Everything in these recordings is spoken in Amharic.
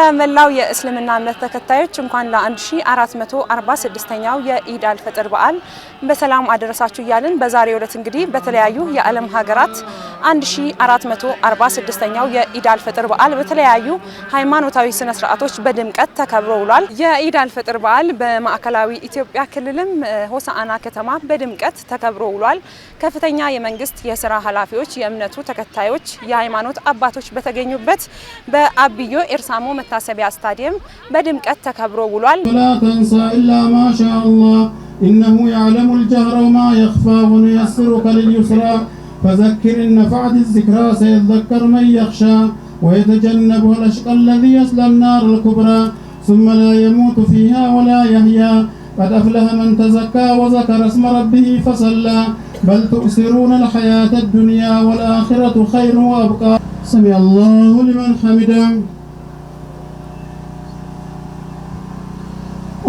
በመላው የእስልምና እምነት ተከታዮች እንኳን ለ1446ኛው የኢድ አልፈጥር በዓል በሰላም አደረሳችሁ እያልን በዛሬው ዕለት እንግዲህ በተለያዩ የዓለም ሀገራት 1446ኛው የኢድ አልፈጥር በዓል በተለያዩ ሃይማኖታዊ ስነ ስርዓቶች በድምቀት ተከብሮ ውሏል። የኢድ አልፈጥር በዓል በማዕከላዊ ኢትዮጵያ ክልልም ሆሳአና ከተማ በድምቀት ተከብሮ ውሏል። ከፍተኛ የመንግስት የስራ ኃላፊዎች፣ የእምነቱ ተከታዮች፣ የሃይማኖት አባቶች በተገኙበት በአብዮ ኤርሳሞ መታሰቢያ ስታዲየም በድምቀት ተከብሮ ውሏል። ወላ ተንሳ ኢላ ማሻ አላህ ኢነሁ ያዕለሙ ልጀህረ ወማ የኽፋ ወኑየሲሩከ ልልዩስራ ፈዘኪር ኢን ነፈዐት ዚክራ ሰየዘከሩ መን የኽሻ ወየተጀነቡሃ ልአሽቃ አለዚ የስላ ናር ልኩብራ ሱመ ላ የሙቱ ፊሃ ወላ የህያ ቀድ አፍለሀ መን ተዘካ ወዘከረ ስመ ረቢሂ ፈሰላ በል ትእሲሩነ ልሐያተ አዱንያ ወልአኺረቱ ኸይሩ ወአብቃ ሰሚዐ አላሁ ሊመን ሐሚደህ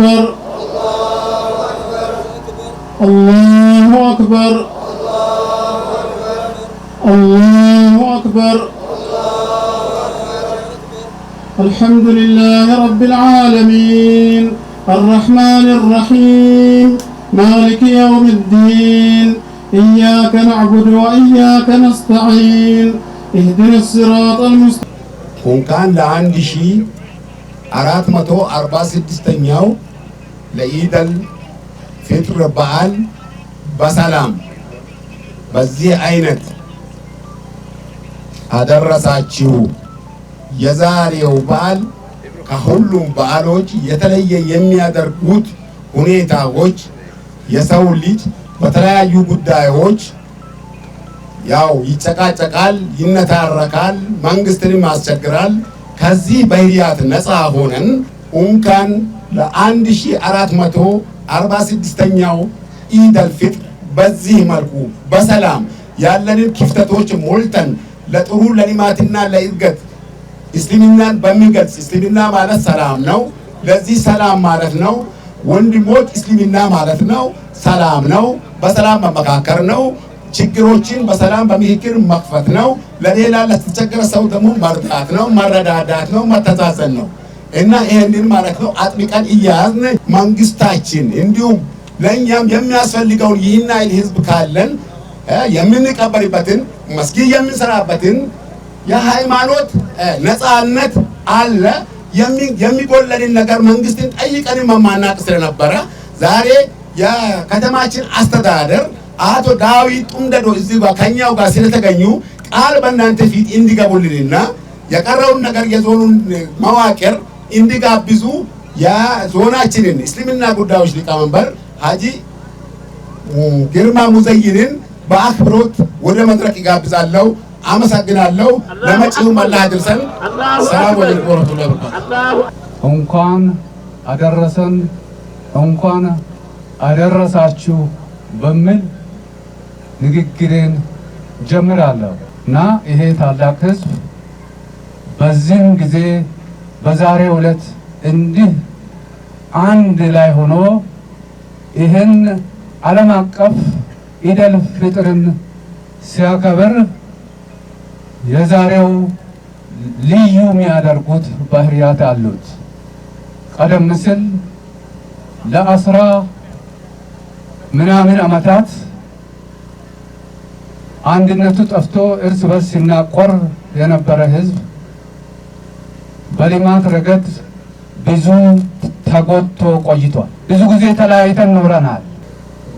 أكبر الله أكبر الله أكبر الحمد لله رب العالمين الرحمن الرحيم مالك يوم الدين إياك نعبد وإياك نستعين اهدنا الصراط المستقيم كان لعندي شيء أرات متو أربعة ستة ለኢደል ፊጥር በዓል በሰላም በዚህ አይነት አደረሳችሁ። የዛሬው በዓል ከሁሉም በዓሎች የተለየ የሚያደርጉት ሁኔታዎች የሰው ልጅ በተለያዩ ጉዳዮች ያው ይጨቃጨቃል፣ ይነታረካል፣ መንግስትንም ያስቸግራል። ከዚህ ባህሪያት ነፃ ሆነን እንኳን ለ1446ኛው ኢድ አልፊጥር በዚህ መልኩ በሰላም ያለንን ክፍተቶች ሞልተን ለጥሩ ለልማትና ለእድገት እስልምናን በሚገልጽ እስልምና ማለት ሰላም ነው። ለዚህ ሰላም ማለት ነው ወንድሞች፣ እስልምና ማለት ነው ሰላም ነው። በሰላም መመካከር ነው። ችግሮችን በሰላም በምክክር መክፈት ነው። ለሌላ ለተቸገረ ሰው ደግሞ መርዳት ነው፣ መረዳዳት ነው፣ መተዛዘን ነው። እና ይሄንን ማለት ነው አጥብቀን እያያዝን መንግስታችን እንዲሁም ለእኛም የሚያስፈልገውን ይህን ያህል ህዝብ ካለን የምንቀበልበትን መስጊድ የምንሰራበትን የሃይማኖት ነፃነት አለ። የሚጎለንን ነገር መንግስትን ጠይቀን መማናቅ ስለነበረ ዛሬ የከተማችን አስተዳደር አቶ ዳዊት ጡምደዶ እዚህ ጋር ከኛው ጋር ስለተገኙ ቃል በእናንተ ፊት እንዲገቡልንና የቀረውን ነገር የዞኑን መዋቅር እንዲጋብዙ የዞናችንን እስልምና ጉዳዮች ሊቀመንበር ሀጂ ግርማ ሙዘይንን በአክብሮት ወደ መድረክ ይጋብዛለሁ። አመሰግናለሁ። ለመጪውም አላህ ያድርሰን። ሰላም አለይኩም ወረህመቱላሂ ወበረካቱህ። እንኳን አደረሰን እንኳን አደረሳችሁ በሚል ንግግሬን ጀምራለሁ እና ይሄ ታላቅ ህዝብ በዚህም ጊዜ በዛሬ ዕለት እንዲህ አንድ ላይ ሆኖ ይህን ዓለም አቀፍ ኢደል ፍጥርን ሲያከብር የዛሬው ልዩ የሚያደርጉት ባህሪያት አሉት። ቀደም ሲል ለአስራ ምናምን ዓመታት አንድነቱ ጠፍቶ እርስ በርስ ሲናቆር የነበረ ህዝብ በልማት ረገድ ብዙ ተጎድቶ ቆይቷል። ብዙ ጊዜ ተለያይተን ኖረናል።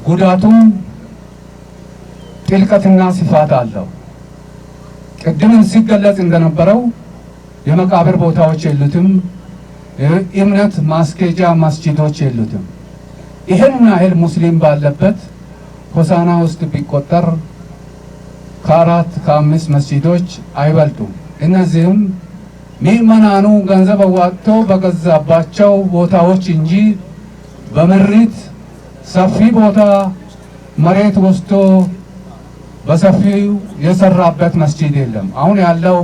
ጉዳቱም ጥልቀትና ስፋት አለው። ቅድምን ሲገለጽ እንደነበረው የመቃብር ቦታዎች የሉትም፣ የእምነት ማስኬጃ መስጂዶች የሉትም። ይህን ያህል ሙስሊም ባለበት ሆሳና ውስጥ ቢቆጠር ከአራት ከአምስት መስጂዶች አይበልጡም። እነዚህም ምዕመናኑ ገንዘብ አዋጥተው በገዛባቸው ቦታዎች እንጂ በምሪት ሰፊ ቦታ መሬት ወስዶ በሰፊው የሰራበት መስጂድ የለም። አሁን ያለው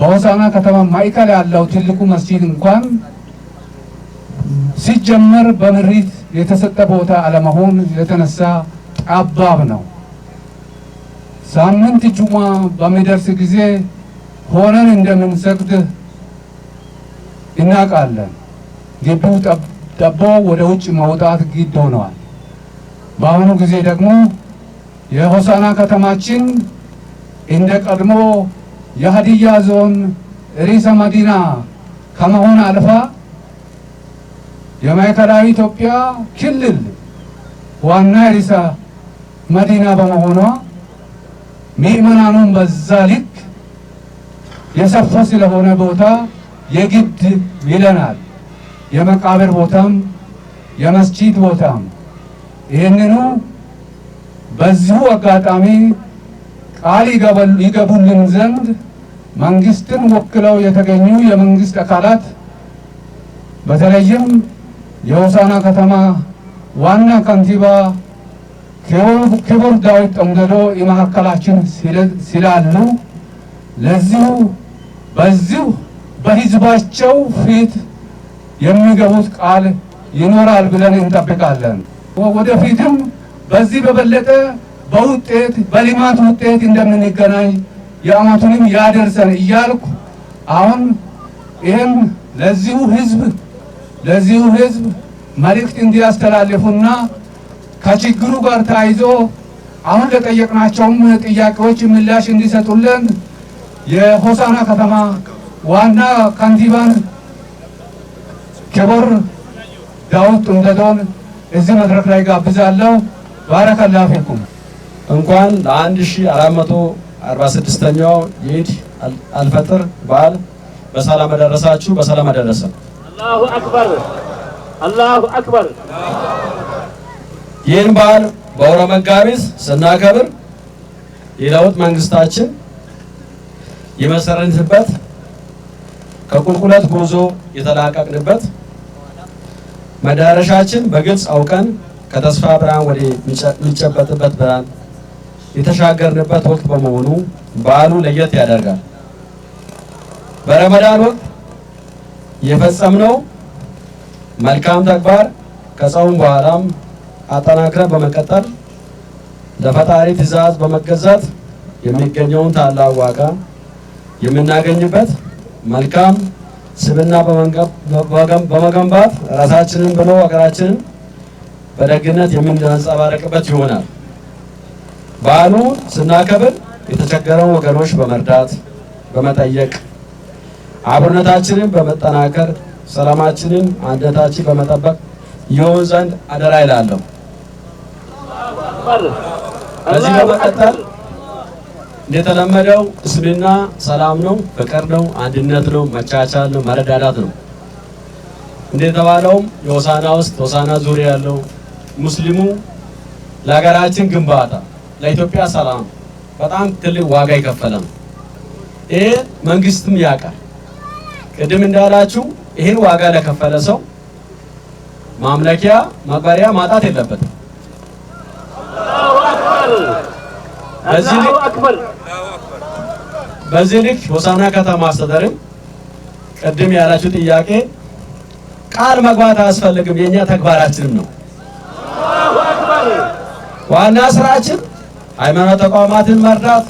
በሆሳና ከተማ ማዕከል ያለው ትልቁ መስጂድ እንኳን ሲጀመር በምሪት የተሰጠ ቦታ አለመሆን የተነሳ ጠባብ ነው። ሳምንት ጁማ በሚደርስ ጊዜ ሆነን እንደምንሰግድ እናውቃለን። ግቢው ጠቦ ወደ ውጭ መውጣት ግድ ሆነዋል። በአሁኑ ጊዜ ደግሞ የሆሳና ከተማችን እንደ ቀድሞ የሀዲያ ዞን ርዕሰ መዲና ከመሆን አልፋ የማዕከላዊ ኢትዮጵያ ክልል ዋና ርዕሰ መዲና በመሆኗ ምዕመናኑን በዛ ልክ የሰፋ ስለሆነ ቦታ የግድ ይለናል። የመቃብር ቦታም የመስጂድ ቦታም ይህንኑ በዚሁ አጋጣሚ ቃል ይገቡልን ዘንድ መንግስትን ወክለው የተገኙ የመንግስት አካላት በተለይም የሆሳና ከተማ ዋና ከንቲባ ክቡር ዳዊት ጠምደዶ የመካከላችን ስላሉ ለዚሁ በዚሁ በህዝባቸው ፊት የሚገቡት ቃል ይኖራል ብለን እንጠብቃለን። ወደፊትም በዚህ በበለጠ በውጤት በልማት ውጤት እንደምንገናኝ የአመቱንም ያደርሰን እያልኩ አሁን ይህም ለዚሁ ህዝብ ለዚሁ ህዝብ መልእክት እንዲያስተላልፉና ከችግሩ ጋር ተያይዞ አሁን ለጠየቅናቸውም ጥያቄዎች ምላሽ እንዲሰጡልን የሆሳና ከተማ ዋና ከንቲባን ክቡር ዳውት እንደዶን እዚህ መድረክ ላይ ጋብዛለሁ። ባረከላ ፊኩም። እንኳን ለ1446ኛው የኢድ አልፈጥር በዓል በሰላም አደረሳችሁ፣ በሰላም አደረሰ። አላሁ አክበር፣ አላሁ አክበር። ይህን በዓል በወረ መጋቢት ስናከብር የለውጥ መንግስታችን የመሰረትበት ከቁልቁለት ጉዞ የተላቀቅንበት መዳረሻችን በግልጽ አውቀን ከተስፋ ብርሃን ወደ የሚጨበጥበት ብርሃን የተሻገርንበት ወቅት በመሆኑ በዓሉ ለየት ያደርጋል። በረመዳን ወቅት የፈጸምነው መልካም ተግባር ከጾም በኋላም አጠናክረን በመቀጠል ለፈጣሪ ትእዛዝ በመገዛት የሚገኘውን ታላቅ ዋጋ የምናገኝበት መልካም ስብና በመገንባት ራሳችንን ብሎ ሀገራችንን በደግነት የምናንጸባረቅበት ይሆናል። በዓሉ ስናከብር የተቸገረውን ወገኖች በመርዳት በመጠየቅ አብሮነታችንን በመጠናከር ሰላማችንን፣ አንድነታችን በመጠበቅ ይሆን ዘንድ አደራ ይላለሁ። በዚህ በመቀጠል እንደተለመደው እስልምና ሰላም ነው፣ ፍቅር ነው፣ አንድነት ነው፣ መቻቻል ነው፣ መረዳዳት ነው። እንደተባለውም የሆሳና ውስጥ ሆሳና ዙሪያ ያለው ሙስሊሙ ለሀገራችን ግንባታ ለኢትዮጵያ ሰላም በጣም ትልቅ ዋጋ የከፈለ ነው። ይሄ መንግስትም ያውቃል። ቅድም እንዳላችሁ ይህን ዋጋ ለከፈለ ሰው ማምለኪያ መቀሪያ ማጣት የለበትም። በዚህ ልክ ሆሳና ከተማ አስተዳደርም ቅድም ያላችሁ ጥያቄ ቃል መግባት አያስፈልግም፣ የእኛ ተግባራችንም ነው። ዋና ስራችን ሃይማኖት ተቋማትን መርዳት፣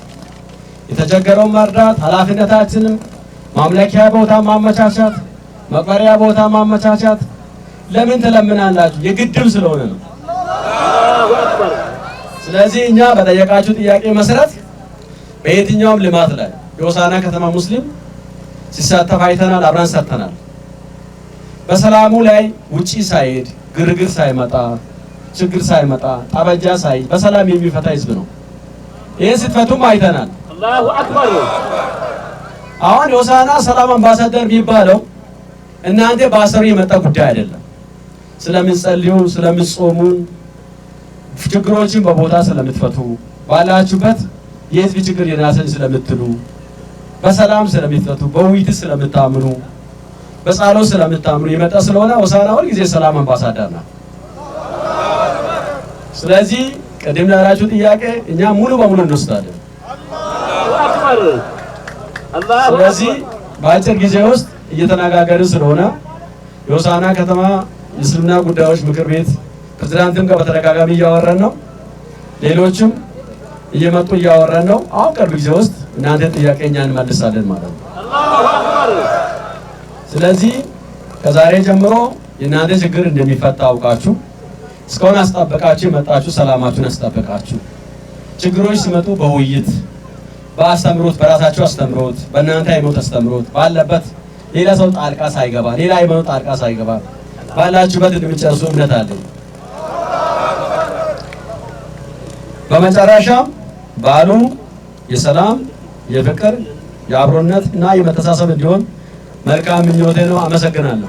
የተቸገረውን መርዳት፣ ኃላፊነታችንም ማምለኪያ ቦታ ማመቻቻት፣ መቅበሪያ ቦታ ማመቻቻት። ለምን ትለምናላችሁ? የግድም ስለሆነ ነው። ስለዚህ እኛ በጠየቃችሁ ጥያቄ መሰረት በየትኛውም ልማት ላይ የሆሳዕና ከተማ ሙስሊም ሲሳተፍ አይተናል። አብረን ሰርተናል። በሰላሙ ላይ ውጪ ሳይሄድ ግርግር ሳይመጣ ችግር ሳይመጣ ጠበንጃ ሳይ በሰላም የሚፈታ ህዝብ ነው። ይህን ስትፈቱም አይተናል። አሁን የሆሳዕና ሰላም አምባሳደር የሚባለው እናንተ በአሰሪ የመጣ ጉዳይ አይደለም። ስለምትጸልዩ፣ ስለምትጾሙ፣ ችግሮችን በቦታ ስለምትፈቱ፣ ባላችሁበት የህዝብ ችግር የናሰን ስለምትሉ በሰላም ስለሚፈቱ በውይይት ስለምታምኑ በጸሎት ስለምታምኑ ይመጣ ስለሆነ ሆሳዕና ሁልጊዜ ሰላም አምባሳደር ናት። ስለዚህ ቅድም ላላችሁ ጥያቄ እኛ ሙሉ በሙሉ እንወስዳለን። ስለዚህ በአጭር ጊዜ ውስጥ እየተነጋገርን ስለሆነ የሆሳዕና ከተማ የእስልምና ጉዳዮች ምክር ቤት ፕሬዝዳንትም ጋር በተደጋጋሚ እያወረን ነው ሌሎችም እየመጡ እያወረን ነው። አሁን ቅርብ ጊዜ ውስጥ እናንተ ጥያቄ እኛ እንመልሳለን ማለት ነው። ስለዚህ ከዛሬ ጀምሮ የእናንተ ችግር እንደሚፈታ አውቃችሁ እስካሁን አስጠበቃችሁ የመጣችሁ ሰላማችሁን አስጠበቃችሁ። ችግሮች ሲመጡ በውይይት በአስተምሮት በራሳችሁ አስተምሮት በእናንተ ሃይማኖት አስተምሮት ባለበት ሌላ ሰው ጣልቃ ሳይገባ ሌላ ሃይማኖት ጣልቃ ሳይገባ ባላችሁበት እንደምትጨርሱ እምነት አለኝ። በመጨረሻም በዓሉ የሰላም የፍቅር የአብሮነት እና የመተሳሰብ እንዲሆን መልካም ምኞቴ ነው። አመሰግናለሁ።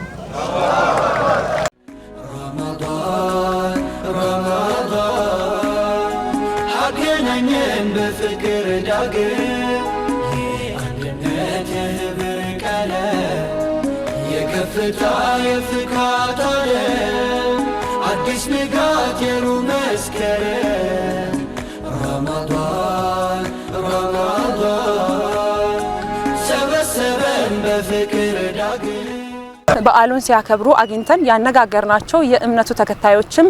አገናኘን በፍቅር ዳግም አዲስ ንጋት የሩ መስከረ በዓሉን ሲያከብሩ አግኝተን ያነጋገርናቸው የእምነቱ ተከታዮችም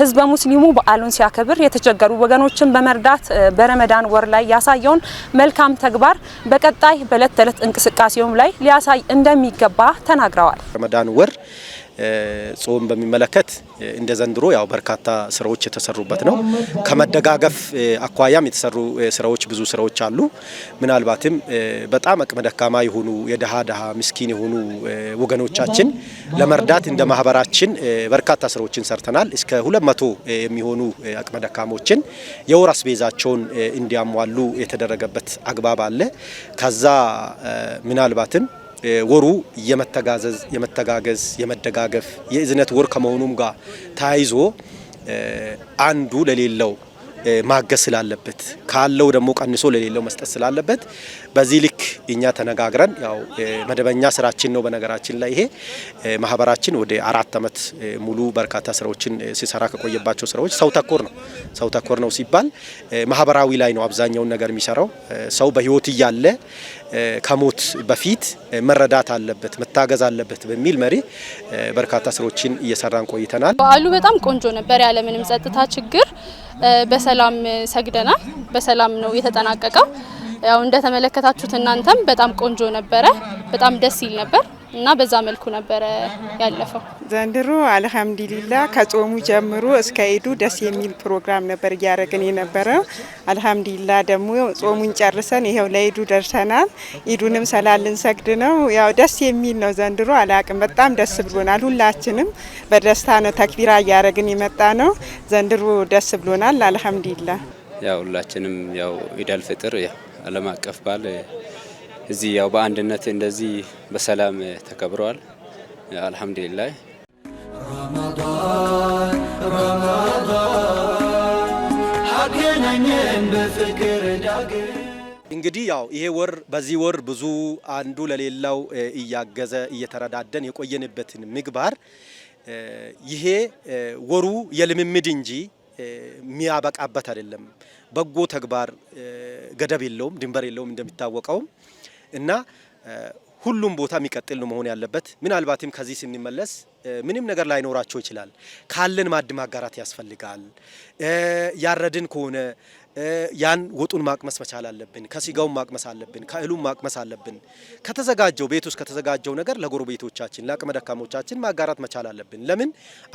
ህዝበ ሙስሊሙ በዓሉን ሲያከብር የተቸገሩ ወገኖችን በመርዳት በረመዳን ወር ላይ ያሳየውን መልካም ተግባር በቀጣይ በዕለት ተዕለት እንቅስቃሴውም ላይ ሊያሳይ እንደሚገባ ተናግረዋል። ረመዳን ወር ጾም በሚመለከት እንደ ዘንድሮ ያው በርካታ ስራዎች የተሰሩበት ነው። ከመደጋገፍ አኳያም የተሰሩ ስራዎች ብዙ ስራዎች አሉ። ምናልባትም በጣም አቅመ ደካማ የሆኑ የደሃ ደሃ ምስኪን የሆኑ ወገኖቻችን ለመርዳት እንደ ማህበራችን በርካታ ስራዎችን ሰርተናል። እስከ ሁለት መቶ የሚሆኑ አቅመ ደካሞችን የወር አስቤዛቸውን እንዲያሟሉ የተደረገበት አግባብ አለ። ከዛ ምናልባትም ወሩ የመተጋዘዝ፣ የመተጋገዝ፣ የመደጋገፍ የእዝነት ወር ከመሆኑም ጋር ተያይዞ አንዱ ለሌለው ማገዝ ስላለበት ካለው ደግሞ ቀንሶ ለሌለው መስጠት ስላለበት በዚህ ልክ እኛ ተነጋግረን ያው መደበኛ ስራችን ነው። በነገራችን ላይ ይሄ ማህበራችን ወደ አራት ዓመት ሙሉ በርካታ ስራዎችን ሲሰራ ከቆየባቸው ስራዎች ሰው ተኮር ነው። ሰው ተኮር ነው ሲባል ማህበራዊ ላይ ነው አብዛኛውን ነገር የሚሰራው። ሰው በህይወት እያለ ከሞት በፊት መረዳት አለበት፣ መታገዝ አለበት በሚል መሪ በርካታ ስራዎችን እየሰራን ቆይተናል። በዓሉ በጣም ቆንጆ ነበር፣ ያለምንም ጸጥታ ችግር በሰላም ሰግደናል። በሰላም ነው የተጠናቀቀው። ያው እንደተመለከታችሁት እናንተም በጣም ቆንጆ ነበረ። በጣም ደስ ይል ነበር። እና በዛ መልኩ ነበረ ያለፈው። ዘንድሮ አልሐምዱሊላ ከጾሙ ጀምሮ እስከ ኢዱ ደስ የሚል ፕሮግራም ነበር እያደረግን የነበረው። አልሐምዱሊላ ደግሞ ጾሙን ጨርሰን ይኸው ለኢዱ ደርሰናል። ኢዱንም ሰላ ልንሰግድ ነው። ያው ደስ የሚል ነው ዘንድሮ። አላቅም በጣም ደስ ብሎናል። ሁላችንም በደስታ ነው ተክቢራ እያደረግን የመጣ ነው። ዘንድሮ ደስ ብሎናል። አልሐምዱሊላ ያው ሁላችንም ያው ኢዳል ፍጥር ዓለም አቀፍ በዓል እዚህ ያው በአንድነት እንደዚህ በሰላም ተከብረዋል። አልሐምዱሊላህ እንግዲህ ያው ይሄ ወር በዚህ ወር ብዙ አንዱ ለሌላው እያገዘ እየተረዳደን የቆየንበትን ምግባር ይሄ ወሩ የልምምድ እንጂ የሚያበቃበት አይደለም። በጎ ተግባር ገደብ የለውም፣ ድንበር የለውም እንደሚታወቀውም እና ሁሉም ቦታ የሚቀጥል ነው መሆን ያለበት። ምናልባትም ከዚህ ስንመለስ ምንም ነገር ላይኖራቸው ይችላል። ካለን ማዕድ ማጋራት ያስፈልጋል። ያረድን ከሆነ ያን ወጡን ማቅመስ መቻል አለብን። ከስጋውም ማቅመስ አለብን። ከእህሉም ማቅመስ አለብን። ከተዘጋጀው ቤት ውስጥ ከተዘጋጀው ነገር ለጎረቤቶቻችን፣ ለአቅመ ደካሞቻችን ማጋራት መቻል አለብን። ለምን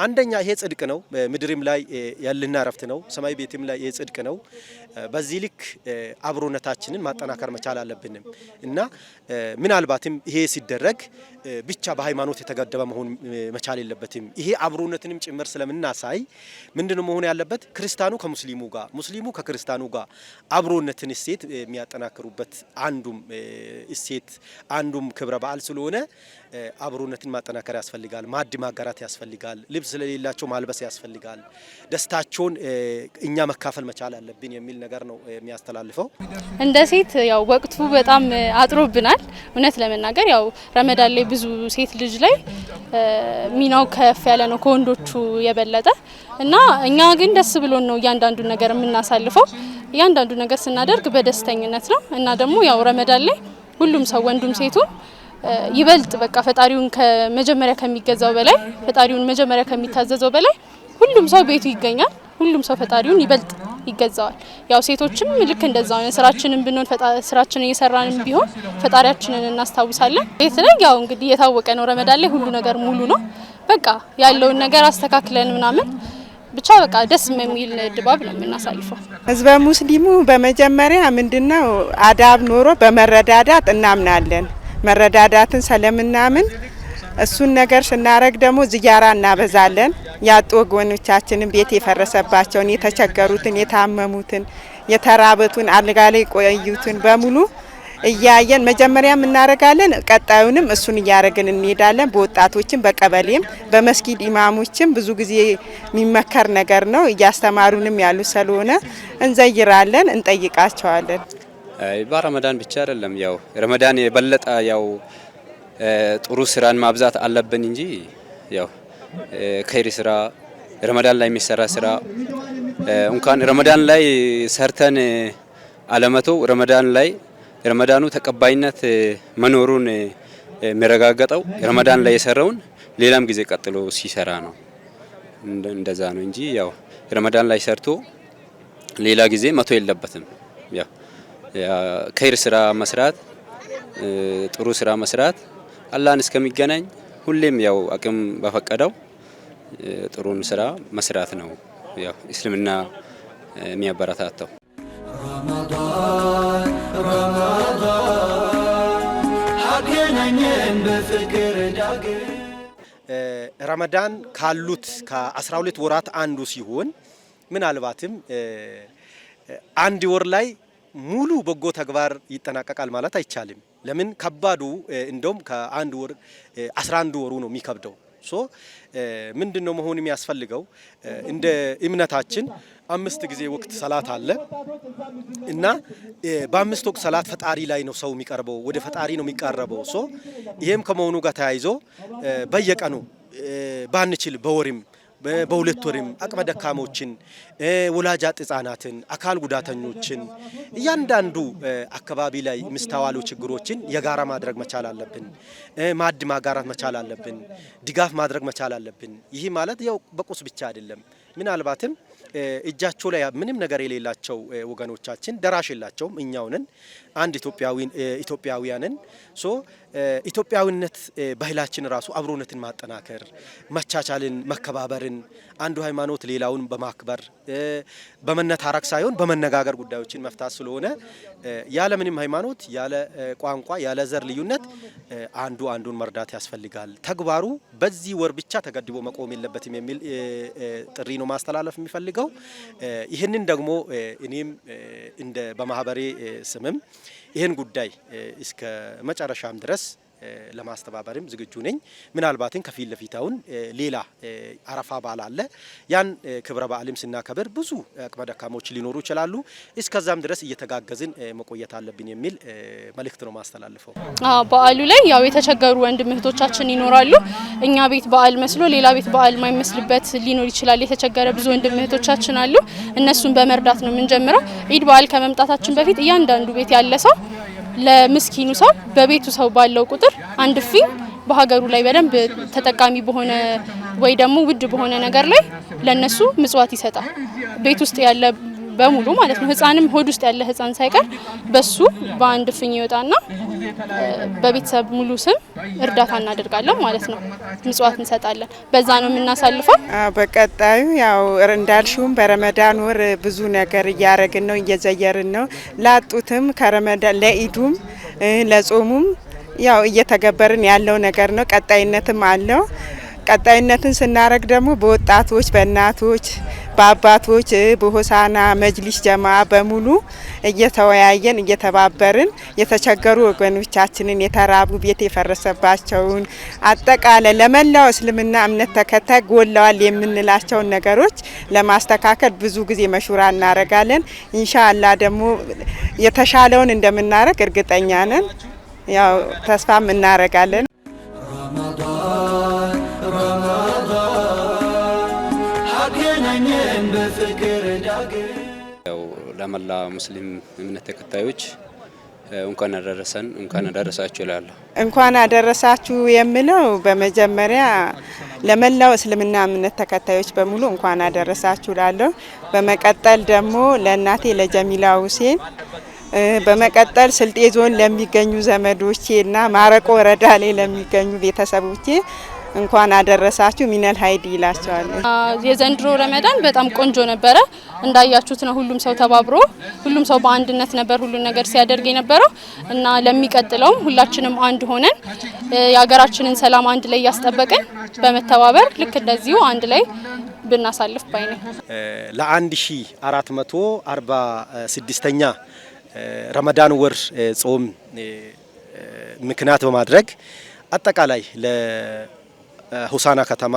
አንደኛ ይሄ ጽድቅ ነው። ምድርም ላይ ያልና ረፍት ነው። ሰማይ ቤትም ላይ ይሄ ጽድቅ ነው። በዚህ ልክ አብሮነታችንን ማጠናከር መቻል አለብንም እና ምናልባትም ይሄ ሲደረግ ብቻ በሃይማኖት የተገደበ መሆን መቻል የለበትም። ይሄ አብሮነትንም ጭምር ስለምናሳይ ምንድነው መሆን ያለበት ክርስቲያኑ ከሙስሊሙ ጋር ሙስሊሙ ከክርስቲያኑ ከፓኪስታኑ ጋር አብሮነትን እሴት የሚያጠናክሩበት አንዱም እሴት አንዱም ክብረ በዓል ስለሆነ አብሮነትን ማጠናከር ያስፈልጋል። ማዕድ ማጋራት ያስፈልጋል። ልብስ ስለሌላቸው ማልበስ ያስፈልጋል። ደስታቸውን እኛ መካፈል መቻል አለብን የሚል ነገር ነው የሚያስተላልፈው። እንደ ሴት ያው ወቅቱ በጣም አጥሮብናል። እውነት ለመናገር ያው ረመዳን ላይ ብዙ ሴት ልጅ ላይ ሚናው ከፍ ያለ ነው ከወንዶቹ የበለጠ እና እኛ ግን ደስ ብሎን ነው እያንዳንዱ ነገር የምናሳልፈው። እያንዳንዱ ነገር ስናደርግ በደስተኝነት ነው እና ደግሞ ያው ረመዳን ላይ ሁሉም ሰው ወንዱም ሴቱም ይበልጥ በቃ ፈጣሪውን ከመጀመሪያ ከሚገዛው በላይ ፈጣሪውን መጀመሪያ ከሚታዘዘው በላይ ሁሉም ሰው ቤቱ ይገኛል። ሁሉም ሰው ፈጣሪውን ይበልጥ ይገዛዋል። ያው ሴቶችም ልክ እንደዛው ነው። ስራችንን ብንሆን ስራችንን እየሰራንም ቢሆን ፈጣሪያችንን እናስታውሳለን። ቤት ላይ ያው እንግዲህ የታወቀ ነው፣ ረመዳን ላይ ሁሉ ነገር ሙሉ ነው። በቃ ያለውን ነገር አስተካክለን ምናምን ብቻ በቃ ደስ የሚል ድባብ ነው የምናሳልፈው። ህዝበ ሙስሊሙ በመጀመሪያ ምንድነው አዳብ ኖሮ በመረዳዳት እናምናለን። መረዳዳትን ስለምናምን እሱን ነገር ስናረግ ደግሞ ዝያራ እናበዛለን። ያጡ ወገኖቻችንን ቤት የፈረሰባቸውን፣ የተቸገሩትን፣ የታመሙትን፣ የተራበቱን አልጋ ላይ ቆዩትን በሙሉ እያየን መጀመሪያም እናደርጋለን፣ ቀጣዩንም እሱን እያደረግን እንሄዳለን። በወጣቶችም በቀበሌም በመስጊድ ኢማሞችም ብዙ ጊዜ የሚመከር ነገር ነው። እያስተማሩንም ያሉ ስለሆነ እንዘይራለን፣ እንጠይቃቸዋለን። በረመዳን ብቻ አይደለም ያው ረመዳን የበለጠ ያው ጥሩ ስራን ማብዛት አለብን እንጂ ያው ከይር ስራ ረመዳን ላይ የሚሰራ ስራ እንኳን ረመዳን ላይ ሰርተን አለመቶ ረመዳን ላይ የረመዳኑ ተቀባይነት መኖሩን የሚረጋገጠው ረመዳን ላይ የሰራውን ሌላም ጊዜ ቀጥሎ ሲሰራ ነው። እንደዛ ነው እንጂ ያው ረመዳን ላይ ሰርቶ ሌላ ጊዜ መቶ የለበትም። ከይር ስራ መስራት፣ ጥሩ ስራ መስራት አላህን እስከሚገናኝ ሁሌም ያው አቅም በፈቀደው ጥሩን ስራ መስራት ነው ያው እስልምና የሚያበረታተው። ፍቅር ዳግም ረመዳን ካሉት ከ12 ወራት አንዱ ሲሆን ምናልባትም አንድ ወር ላይ ሙሉ በጎ ተግባር ይጠናቀቃል ማለት አይቻልም። ለምን ከባዱ እንደውም ከአንድ ወር 11 ወሩ ነው የሚከብደው። ሶ ምንድን ነው መሆን የሚያስፈልገው እንደ እምነታችን አምስት ጊዜ ወቅት ሰላት አለ እና በአምስት ወቅት ሰላት ፈጣሪ ላይ ነው ሰው የሚቀርበው፣ ወደ ፈጣሪ ነው የሚቀረበው። ሶ ይሄም ከመሆኑ ጋር ተያይዞ በየቀኑ ባንችል በወርም በሁለት ወርም አቅመ ደካሞችን፣ ወላጅ አጥ ህጻናትን፣ አካል ጉዳተኞችን እያንዳንዱ አካባቢ ላይ ምስተዋሉ ችግሮችን የጋራ ማድረግ መቻል አለብን። ማዕድ ማጋራት መቻል አለብን። ድጋፍ ማድረግ መቻል አለብን። ይህ ማለት ያው በቁስ ብቻ አይደለም ምናልባትም እጃቸው ላይ ምንም ነገር የሌላቸው ወገኖቻችን ደራሽ የላቸውም። እኛውንን አንድ ኢትዮጵያዊ ኢትዮጵያውያንን ሶ ኢትዮጵያዊነት ባህላችን ራሱ አብሮነትን ማጠናከር፣ መቻቻልን፣ መከባበርን አንዱ ሃይማኖት ሌላውን በማክበር በመነታረክ ሳይሆን በመነጋገር ጉዳዮችን መፍታት ስለሆነ ያለ ምንም ሃይማኖት፣ ያለ ቋንቋ፣ ያለ ዘር ልዩነት አንዱ አንዱን መርዳት ያስፈልጋል። ተግባሩ በዚህ ወር ብቻ ተገድቦ መቆም የለበትም የሚል ጥሪ ነው ማስተላለፍ የሚፈልገው። ይህንን ደግሞ እኔም እንደ በማህበሬ ስምም ይህን ጉዳይ እስከ መጨረሻም ድረስ ለማስተባበርም ዝግጁ ነኝ። ምናልባትም ከፊት ለፊት አሁን ሌላ አረፋ በዓል አለ። ያን ክብረ በዓልም ስናከብር ብዙ አቅመ ደካሞች ሊኖሩ ይችላሉ። እስከዛም ድረስ እየተጋገዝን መቆየት አለብን የሚል መልእክት ነው ማስተላልፈው። በዓሉ ላይ ያው የተቸገሩ ወንድም እህቶቻችን ይኖራሉ። እኛ ቤት በዓል መስሎ ሌላ ቤት በዓል ማይመስልበት ሊኖር ይችላል። የተቸገረ ብዙ ወንድም እህቶቻችን አሉ። እነሱን በመርዳት ነው የምንጀምረው። ኢድ በዓል ከመምጣታችን በፊት እያንዳንዱ ቤት ያለ ሰው ለምስኪኑ ሰው በቤቱ ሰው ባለው ቁጥር አንድ ፊልም በሀገሩ ላይ በደንብ ተጠቃሚ በሆነ ወይ ደግሞ ውድ በሆነ ነገር ላይ ለነሱ ምጽዋት ይሰጣል። ቤት ውስጥ ያለ በሙሉ ማለት ነው። ህፃንም ሆድ ውስጥ ያለ ህፃን ሳይቀር በሱ በአንድ ፍኝ ይወጣና በቤተሰብ ሙሉ ስም እርዳታ እናደርጋለን ማለት ነው። ምጽዋት እንሰጣለን። በዛ ነው የምናሳልፈው። በቀጣዩ ያው እንዳልሽውም በረመዳን ወር ብዙ ነገር እያረግን ነው፣ እየዘየርን ነው። ላጡትም ከረመዳን ለኢዱም ለጾሙም ያው እየተገበርን ያለው ነገር ነው። ቀጣይነትም አለው። ቀጣይነትን ስናደርግ ደግሞ በወጣቶች፣ በእናቶች፣ በአባቶች፣ በሆሳና መጅሊስ ጀማ በሙሉ እየተወያየን እየተባበርን የተቸገሩ ወገኖቻችንን የተራቡ ቤት የፈረሰባቸውን አጠቃላይ ለመላው እስልምና እምነት ተከታይ ጎለዋል የምንላቸውን ነገሮች ለማስተካከል ብዙ ጊዜ መሹራ እናረጋለን። እንሻላ ደግሞ የተሻለውን እንደምናረግ እርግጠኛ ነን። ያው ተስፋም እናረጋለን። መላ ሙስሊም እምነት ተከታዮች እንኳን አደረሰን እንኳን አደረሳችሁ እላለሁ። እንኳን አደረሳችሁ የምለው በመጀመሪያ ለመላው እስልምና እምነት ተከታዮች በሙሉ እንኳን አደረሳችሁ እላለሁ። በመቀጠል ደግሞ ለእናቴ ለጀሚላ ሁሴን፣ በመቀጠል ስልጤ ዞን ለሚገኙ ዘመዶቼ እና ማረቆ ወረዳ ላይ ለሚገኙ ቤተሰቦቼ እንኳን አደረሳችሁ ሚነል ሀይድ ይላቸዋል። የዘንድሮ ረመዳን በጣም ቆንጆ ነበረ። እንዳያችሁት ነው። ሁሉም ሰው ተባብሮ፣ ሁሉም ሰው በአንድነት ነበር ሁሉን ነገር ሲያደርግ የነበረው እና ለሚቀጥለውም ሁላችንም አንድ ሆነን የሀገራችንን ሰላም አንድ ላይ እያስጠበቅን በመተባበር ልክ እንደዚሁ አንድ ላይ ብናሳልፍ ባይ ነው መቶ አርባ ኛ ረመዳን ወር ጾም ምክንያት በማድረግ አጠቃላይ ሆሳና ከተማ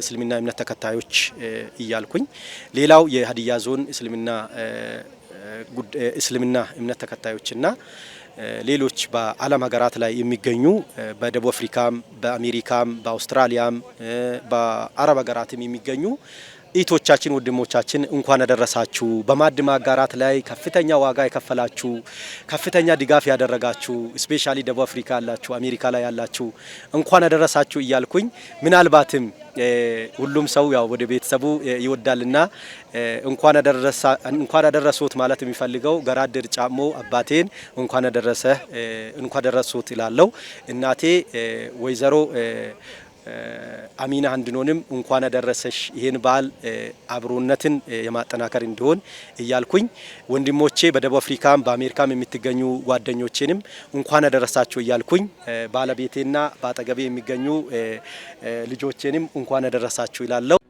እስልምና እምነት ተከታዮች እያልኩኝ ሌላው የሀዲያ ዞን እስልምና እስልምና እምነት ተከታዮችና ሌሎች በዓለም ሀገራት ላይ የሚገኙ በደቡብ አፍሪካም፣ በአሜሪካም፣ በአውስትራሊያም፣ በአረብ ሀገራትም የሚገኙ ኢቶቻችን ወንድሞቻችን እንኳን አደረሳችሁ። በማዕድ ማጋራት ላይ ከፍተኛ ዋጋ የከፈላችሁ ከፍተኛ ድጋፍ ያደረጋችሁ ስፔሻሊ ደቡብ አፍሪካ ያላችሁ አሜሪካ ላይ ያላችሁ እንኳን አደረሳችሁ እያልኩኝ ምናልባትም ሁሉም ሰው ያው ወደ ቤተሰቡ ይወዳልና እንኳን ያደረሶት ማለት የሚፈልገው ገራድር ጫሞ አባቴን እንኳን አደረሰ እንኳን ያደረሶት ይላለው እናቴ ወይዘሮ አሚና እንድንሆንም እንኳን አደረሰሽ ይህን በዓል አብሮነትን የማጠናከር እንዲሆን እያልኩኝ ወንድሞቼ በደቡብ አፍሪካም በአሜሪካም የምትገኙ ጓደኞቼንም እንኳን አደረሳችሁ እያልኩኝ ባለቤቴና በአጠገቤ የሚገኙ ልጆቼንም እንኳን አደረሳችሁ ይላለው።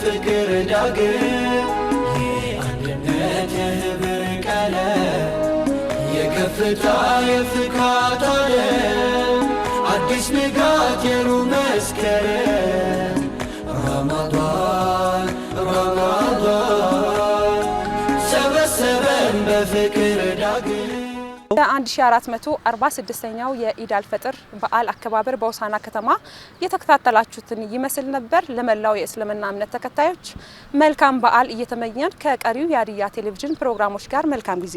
በፍቅር ዳግም የደስታ የፍካት ዓለም አዲስ ንጋት የሩብ መስከረም ረመዳን ረመዳን ሰበሰበን በፍቅር ዳግም። በ1446ኛው የኢዳል ፈጥር በዓል አከባበር በሆሳዕና ከተማ የተከታተላችሁትን ይመስል ነበር። ለመላው የእስልምና እምነት ተከታዮች መልካም በዓል እየተመኘን ከቀሪው የሀዲያ ቴሌቪዥን ፕሮግራሞች ጋር መልካም ጊዜ